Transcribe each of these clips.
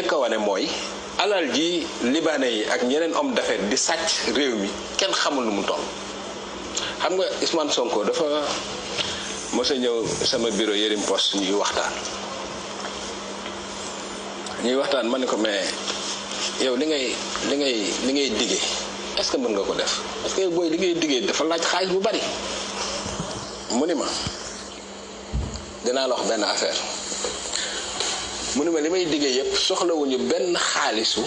njëkk wane mooy alal ji libane yi ak ñeneen homme d'affaires di sàcc réew mi kenn xamul nu mu toll xam nga Ousmane Sonko dafa mos a ñëw sama bureau yërim pos ñuy waxtaan ñuy waxtaan ma ne ko mais yow li ngay li ngay li ngay digge est ce que mën nga ko def est ce que booy li ngay digge dafa laaj xaalis bu bari mu ni ma dinaa la wax benn affaire mu ne ma li may diggee yépp soxlawuñu benn xaalisu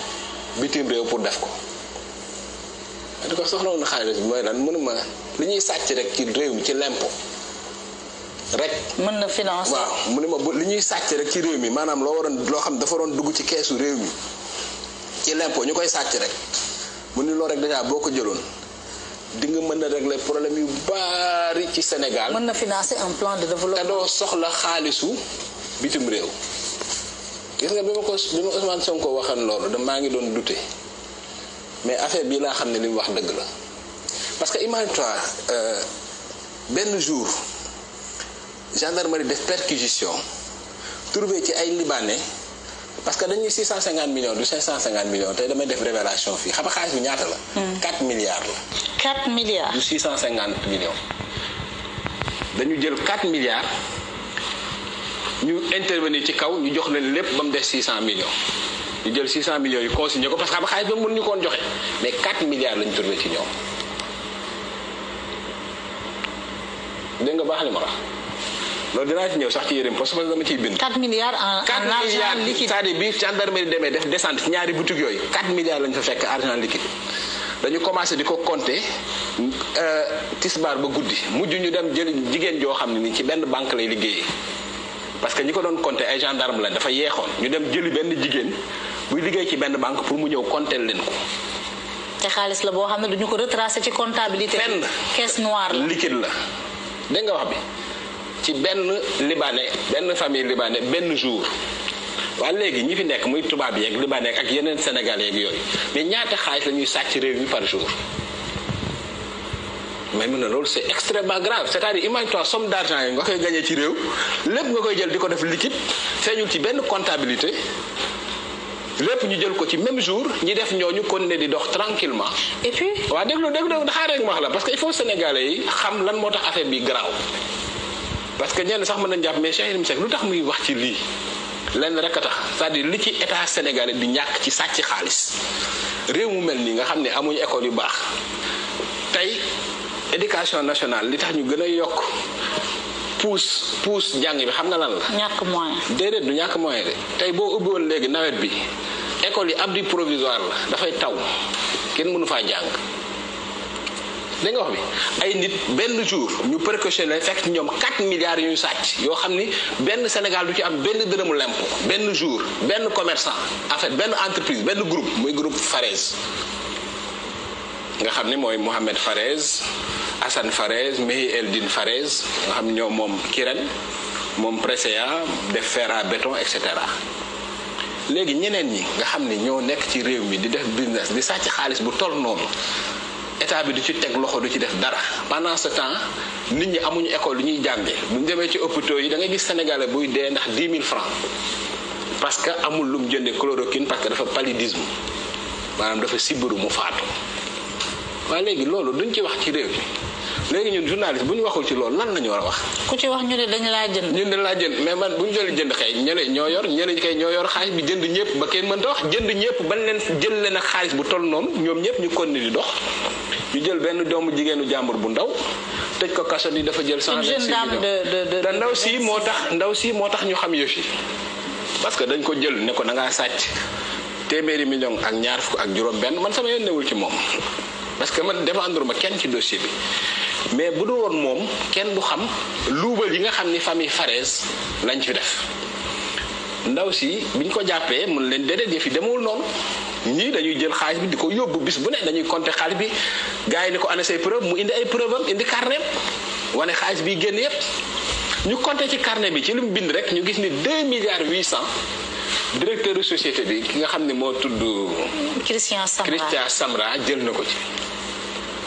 bitim réew pour def ko di ko soxlawu na xaalis bi mooy lan mënuma li ñuy sàcc rek ci réew mi ci lempo rek. mën na finance mu ne ma li ñuy sàcc rek ci réew mi maanaam loo waroon loo xam dafa doon dugg ci keesu réew mi ci lempo ñu koy sàcc rek mu ne loo rek déjà boo ko jëloon di nga mën a régler problème yu bari ci Sénégal. mën na financer un plan de développement. te doo soxla xaalisu bitim réew. gis nga bi ma ko bi ma Ousmane Sonko waxan loolu da maa ngi doon douter mais affaire bii laa xam ne li wax dëgg la parce que imagine-toi euh, benn jour gendarmerie def perquisition trouvé ci ay libanais parce que dañuy 650 millions du 550 millions tey damay def révélation fii xam nga xaalis bi ñaata la. 4 hmm. milliards la. 4 milliards du 650 millions. dañu jël 4 milliards. ñu intervenir ci kaw ñu jox leen lépp ba mu des 600 millions ñu jël 600 millions yu consigné ko parce que xam xaalis ba mënuñu koon joxe mais 4 milliards lañ tourné ci ñoom dégg nga baax li ma wax loolu dinaa ci ñëw sax ci yërëm parce que dama ciy bind 4 milliards en 4 milliards liquide c'est-à-dire bi gendarmerie demee def descente ci ñaari boutique yooyu 4 milliards lañ fa fekk argent liquide dañu commencé di ko compter euh, tisbar ba guddi mujj ñu dem jël jigéen joo xam ne ni ci benn banque lay liggéeyee parce que ñi ko doon compter ay gendarme la dafa yeexoon ñu dem jëli benn jigéen buy liggéey ci benn banque pour mu ñëw compter leen ko. te xaalis la boo xam ne duñu ko retracé ci comptabilité. benn caisse noire la liquide la. dégg nga wax bi ci benn libanais benn famille libanais benn jour. waa léegi ñi fi nekk muy tubaab yeeg libanais ak yeneen sénégal yeeg yooyu mais ñaata xaalis la ñuy sàcc réew mi par jour. même mu ne c'est extrêmement grave c'est-à-dire imagine-toi somme d'argent nga koy gagner ci rew lepp nga koy jël diko def liquide feeñul ci ben comptabilité lepp ñu jël ko ci même jour ñi def ñoñu kon ne di dox tranquillement et puis wa déglu déglu da xare ak wax la parce que il faut sénégalais yi xam lan motax affaire bi grave parce que ñen sax mëna japp mais Cheikh Yérim Seck lu tax muy wax ci li lenn rek tax c'est-à-dire li ci état sénégalais di ñak ci sacc xaalis rew mu mel ni nga xamné ne école yu baax tay éducation nationale li tax ñu gëna yok pous pous jang bi xam nga lan la. ñak moyen. dédé du ñak moyen de tay bo ubbi woon léegi nawet bi école yi abdi provisoire la fay taw kenn mënu fa jang da nga wax bi ay nit benn jour ñu lay fekk ñom 4 milliards yu sacc yo xamni benn Sénégal du ci am benn dërëmu lemp benn jour benn commerçant en fait benn entreprise benn groupe muy groupe Farez nga xamni moy mooy Mohamed Farez Hassan Farès Mehi Eldin Farès nga xam ñoo Mom Kirène moom Presea def fer à et cetera léegi ñeneen ñi nga xam ne ñoo nekk ci réew mi di def business di sàcc xaalis bu toll noonu état bi du ci teg loxo du ci def dara pendant ce temps nit ñi amuñu école lu ñuy jàngee bu ñu demee ci hôpitaux yi da ngay gis sénégalais buy dee ndax 10 000 francs parce que amul lu mu jënde chloroquine parce que dafa palidisme maanaam dafa sibiru mu faatu waaye léegi loolu duñ ci wax ci réew mi léegi ñun journaliste bu ñu waxul ci loolu lan lañu war a wax. ku ci wax ñu ne dañ laa jënd. ñun dañ laa jënd mais man bu ñu doon jënd xëy ñeneen ñoo yor ñeneen kay ñoo yor xaalis bi jënd ñëpp ba kenn mënta wax jënd ñëpp bañ leen jël leen ak bu toll noonu ñoom ñëpp ñu kon di dox ñu jël benn doomu jigéenu jàmbur bu ndaw tëj ko kaso ni dafa jël. cent vingt-six millions da ndaw si moo tax ndaw si moo tax ñu xam yëf yi parce que dañ ko jël ne ko da sàcc téeméeri million ak ñaar fukk ak juróom benn man sama yoon ci moom parce que man défendre ma kenn ci dossier bi mais bu dul woon moom kenn du xam luubal yi nga xam ni famille Fares lañ fi def ndaw si biñ ko jàppee mun leen déedéet yëf yi demewul noonu ñii dañuy jël xaalis bi di ko yóbbu bis bu ne dañuy compter xaalis bi gars yi ni ko ana say preuve mu indi ay preuve am indi carnet wane xaalis bi génn yépp ñu compter ci carnet bi ci li mu bind rek ñu gis ni 2 milliards 800 directeur société bi ki nga xam ne moo tudd. Christian Samra Christian Samra jël na ko ci.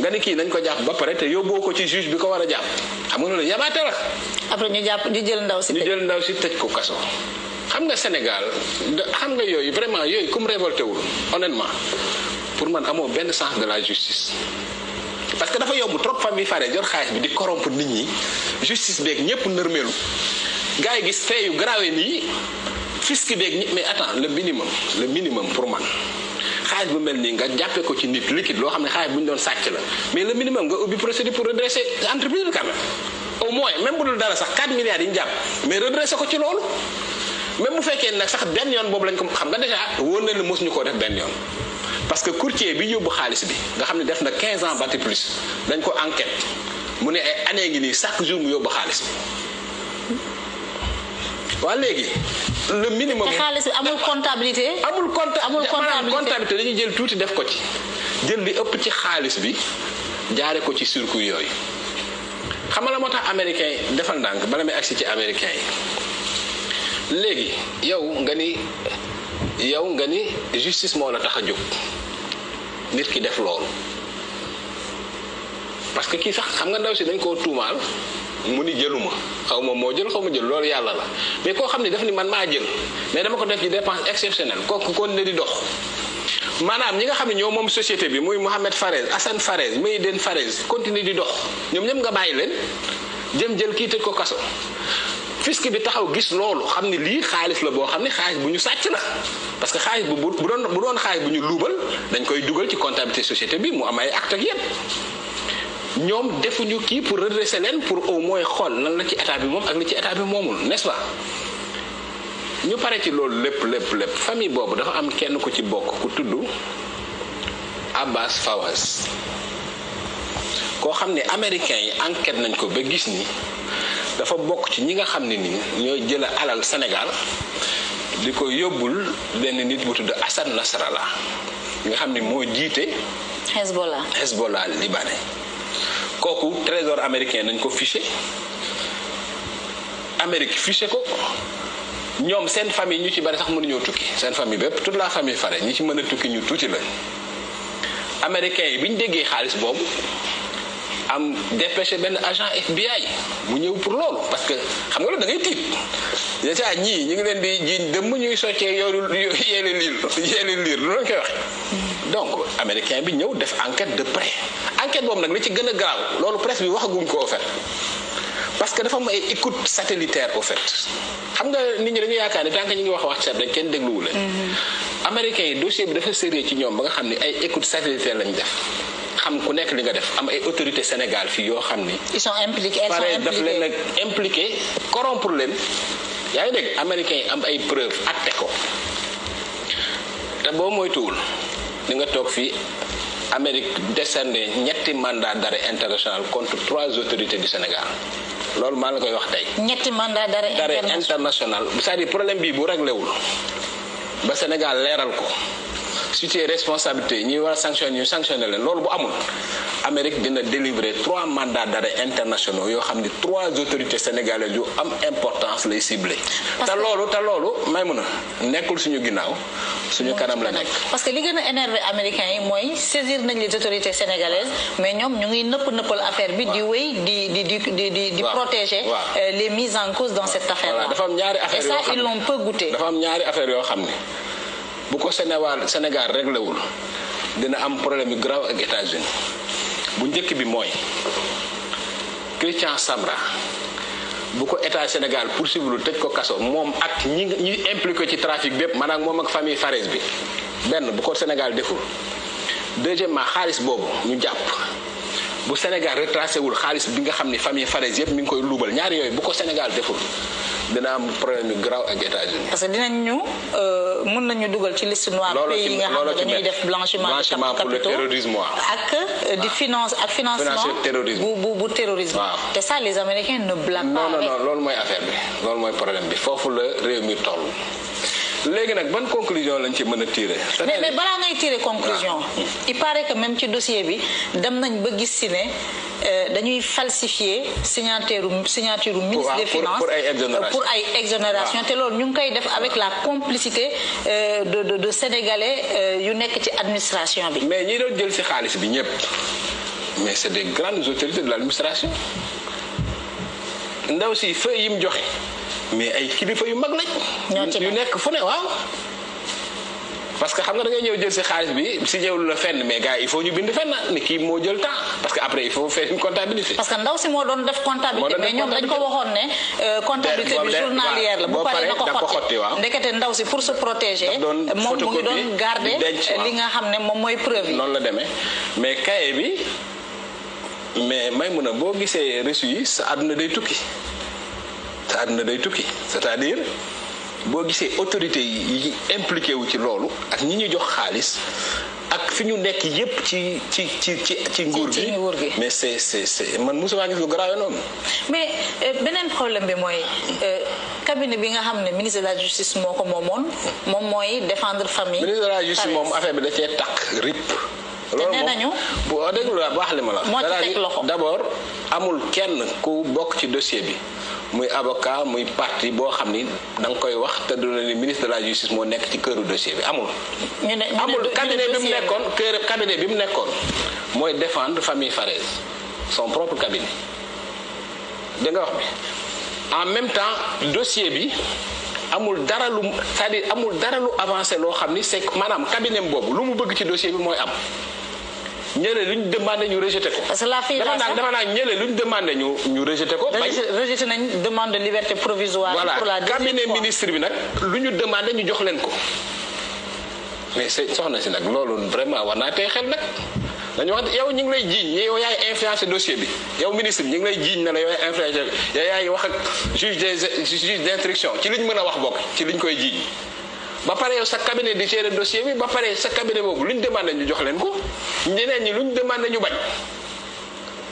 nga ni kii nañ ko jàpp ba pare te yóbboo ko ci juge bi ko war a jàpp xam nga loolu yabaate la après ñu jàpp ñu jël ndaw si ñu jël ndaw si tëj ko kaso xam nga sénégal xam nga yooyu vraiment yooyu kum révolté wul honnêtement pour man amoo benn sens de la justice parce que dafa yomb trop famille fare jor xaalis bi di corrompre nit ñi justice beeg ñëpp nërmeelu gars yi gis fee yu grave nii fisc beeg mais attends le minimum le minimum pour man xaalis bu mel nii nga jàppee ko ci nit liquide loo xam ne xaalis bu ñu doon sàcc la mais le minimum nga ubbi procédure pour redresser entreprise bi quand même au moins même bu dul dara sax 4 milliards yi ñu jàpp mais redresser ko ci loolu même bu fekkee nag sax benn yoon boobu lañ ko xam nga déjà wóor na ne mos ko def benn yoon parce que courtier bi yóbbu xaalis bi nga xam ne def na 15 ans bati plus dañ ko enquête mu ne ay année ngi nii chaque jour mu yóbbu xaalis bi waa léegi le minimum. te xaalis amul comptabilité. amul compta amul comptabilité dañuy jël tuuti def ko ci. jël bi ëpp ci xaalis bi jaare ko ci surcoût yooyu xam nga la moo tax américain yi defal ndànk bala may agsi ci américain yi léegi yow nga ni yow nga ni justice moo la tax a jóg nit ki def loolu parce que kii sax xam nga ndaw si dañ koo tuumaal. mu ni jëluma xaw ma moo jël xaw ma jël loolu yàlla la mais koo xam ne dafa ni man maa jël mais dama ko def ci dépense exceptionnelle kooku kon ne di dox maanaam ñi nga xam ne ñoo moom société bi muy Mohamed Farez Assane Farez den Farez continue di dox ñoom ñëpp nga bàyyi leen jëm jël kii tëj ko kaso fisc bi taxaw gis loolu xam ni lii xaalis la boo xam ne xaalis bu ñu sàcc na parce que xaalis bu bu doon bu doon xaalis bu ñu luubal dañ koy dugal ci comptabilité société bi mu am ay acte ñoom defuñu kii pour redresser leen pour au moins xool lan la ci état bi moom ak la ci état bi moomul n'est-ce pas ñu pare ci loolu lépp lépp lépp famille boobu dafa am kenn ku ci bokk ku tudd abbas fawas koo xam ne américain yi enquête nañ ko ba gis ni dafa bokk ci ñi nga xam ne nii ñooy alal sénégal di ko yóbbul benn nit bu tudd asan nasrala nga xam ne moo jiite hezbollah hezbollah libanais kooku trésor américain nañ ko fiché Amérique fiché ko ñoom seen famille ñu ci bari sax mënuñoo tukki seen famille bépp toute la famille fare ñi ci mën a tukki ñu tuuti lañ américain yi bi ñu déggee xaalis boobu am dépêché benn agent FBI mu ñëw pour loolu parce que xam nga loolu da ngay tiit déjà ñii ñu ngi leen di dem dëmm ñuy soccee yoolu yeele liir yeele liir lu lañ koy waxe donc américain bi ñëw def enquête de près enquête boobu nag li ci gën a garaaw loolu presse bi waxaguñ ko au fait parce que dafa am ay écoute satellitaire au fait xam nga nit ñi dañu yaakaar ni tant que ñu ngi wax wax ceeb rek kenn dégluwu leen mm-hmm. américain yi dossier bi dafa sérieux ci ñoom ba nga xam ni ay écoute satellitaire lañ def xam ku nekk li nga def am ay autorité Sénégal fii yoo xam ni ils sont impliqués pare daf leen nag impliqué corrompre leen yaa ngi dégg américain yi am ay preuve atte ko te boo moytuwul di nga toog fii Amérique décerné ñetti mandat d'arrêt international contre trois autorités du Sénégal loolu ma la koy wax tay ñetti mandat d'arrêt international c'est-à-dire problème bi bu réglé wul ba Sénégal léral ko situé responsabilité ñi wara a sanctionné ñu sanctionné leen loolu bu amul Amérique dina délivrer trois mandats d'arrêt internationaux yoo xam ni trois autorités sénégalaises yu am importance lay ciblé. te loolu te loolu may mun a nekkul suñu ginnaaw suñu kanam la nekk parce que li gëna a énervé américain yi moy saisir nañ les autorités sénégalaises mais ñom ñu ngi nëpp nëppal affaire bi di wéy di di di di di protéger euh, les mises en cause dans cette affaire là dafa am ñaari affaire yoo xam ça ils l'ont peu goûté dafa am ñaari affaire yo xamné bu ko Sénégal Sénégal réglé wul dina am problème yu grave ak États-Unis bu njëkk bi moy Christian Sambra bu ko état Sénégal poursuivre tëj ko kaso moom ak ñi ñi impliqué ci trafic bépp maanaam moom ak famille Fares bi benn bu ko Sénégal deful deuxièmement xaalis boobu ñu jàpp bu Sénégal retracé wul xaalis bi nga xam ni famille Fares yëpp mi ngi koy luubal ñaari yooyu bu ko Sénégal deful dina problème grave États-Unis parce que nous, ñu euh, mën nañu ci liste noire pays yi nga blanchiment pour le terrorisme ak euh, ah. finance ak financement terrorisme Et ça les Américains ne blâment pas non non non loolu mooy affaire problème bi foofu toll Légui une ban conclusion lañ ci mëna a mais mais bala ngay tiré conclusion. Ah. il paraît que même ci dossier bi dem nañ ba gis si euh, dañuy falsifier signature signature ministre des ah, finances pour ay exonération té ah. lool ñu ngi koy def avec la complicité euh, de de de sénégalais euh, yu nekk ci administration bi. mais ñi doon jël ci xaalis bi ñëpp mais c'est des grandes autorités de l'administration ndaw si feuille yim mu joxe. mais ay kilifa yu mag lañ. yu nekk fu ne waaw. parce que xam nga da ñëw jël si xaalis bi si ñëwlu la fenn mais gars il faut ñu bind fenn ni kii moo jël temps parce que après il faut faire une comptabilité. parce que ndaw si moo doon def comptabilité mais ñoom dañ ko waxoon ne. Euh, comptabilité bi journalière la bu paree na ko xotti ndekete ndaw si pour se protéger. moom mu ngi doon garder li nga xam ne moom mooy preuve yi. noonu la demee mais kaye bi mais may mun a boo gisee reçu yi sa àdduna day tukki. te àdduna day tukki c'est-à-dire boo gisee autorité yi impliqué wu ci loolu ak ñi ñu jox xaalis ak fi ñu nekk yépp ci ci ci ci ci nguur gi mais c'est c'est c'est man mosuma gis lu garaaw noonu mais euh, beneen problème bi mooy euh, cabinet bi nga xam ne ministre de la justice moo ko moomoon moom mooy defendre famille ministre de justice moom affaire bi da cee takk rip loolu moom bu déglu la baax li ma la d'abord amul kenn ku bokk ci dossier bi muy avocat muy parti boo xam ni da nga koy wax te du ni ministre de la justice moo nekk ci këru dossier bi amul. amul cabinet bi mu nekkoon kër cabinet bi mu nekkoon mooy défendre famille Farès son propre cabinet da nga wax bi en même temps dossier bi amul dara lu c'est-à-dire amul dara lu avancé loo xam ni c'est maanaam cabinet boobu lu mu bëgg ci dossier bi mooy am. ñële lu ñu demande ñu rejeté ko. parce que la filiation dafa naan ñële lu ñu demandé ñu ñu rejeté ko. bañ rejeté demande de liberté provisoire. pour la deuxième fois bi nag lu ñu demande ñu jox leen ko. mais sëñ soxna si nag loolu vraiment war naa tey xel nag dañu yow ñu ngi lay jiiñ yow yaay influencé dossier bi yow ministre ñu ngi lay jiiñ na la yow yaay influencé yow yaay wax ak juge des juge d'instruction ci liñ mën a wax bokk ci ñu koy jiiñ ba pare yow sa cabinet di gérer dossier bi ba pare sa cabinet boobu luñ demandé ñu jox leen ko ñeneen ñi lu luñ demandé ñu bañ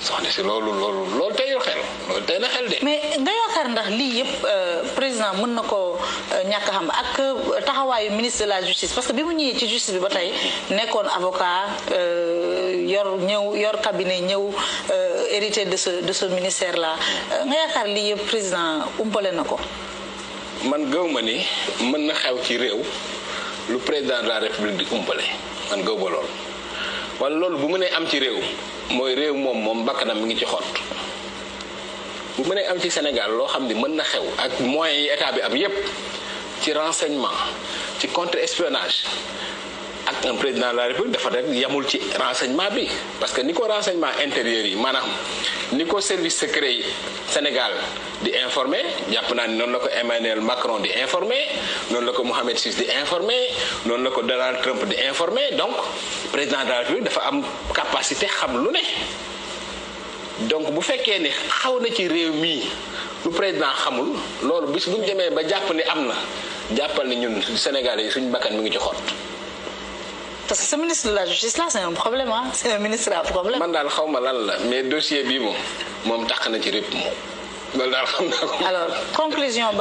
soxna si loolu loolu loolu teyul xel loolu tey na xel de. mais nga yaakaar ndax lii yëpp euh, président mën na ko euh, ñàkk xam ak euh, taxawaayu ministre la justice parce que bi mu ñëwee ci justice bi ba tey nekkoon avocat yor ñëw yor cabinet ñëw hérité de ce de ce ministère la nga yaakaar lii yëpp président umpale na ko. man gëw ma ni mën na xew ci réew lu président de la république di umpale man gëw ba loolu. wala loolu bu mënee am ci réew mooy réew moom moom bakkanam mu ngi ci xott bu mënee am ci Sénégal loo xam ni mën na xew ak moyen yi état bi am yépp ci renseignement ci contre-espionnage ak un président de la république dafa rek yamul ci renseignement bi parce que ni ko renseignement intérieur yi maanaam ni ko service secret yi Sénégal di informer japp nan non la ko Emmanuel Macron di informer non la ko Mohamed Sis di informer non la ko Donald Trump di informer donc président de la République dafa am capacité xam lu ne donc bu fekkee ne xawna ci réew mi lu président xamul lolu bis buñu démé ba japp ni amna jappal ni ñun Sénégalais suñu bakkan mi ngi ci xott parce que ce ministre de la justice là c'est un problème hein c'est un ministre à problème. man mais dossier bi Je na alors conclusion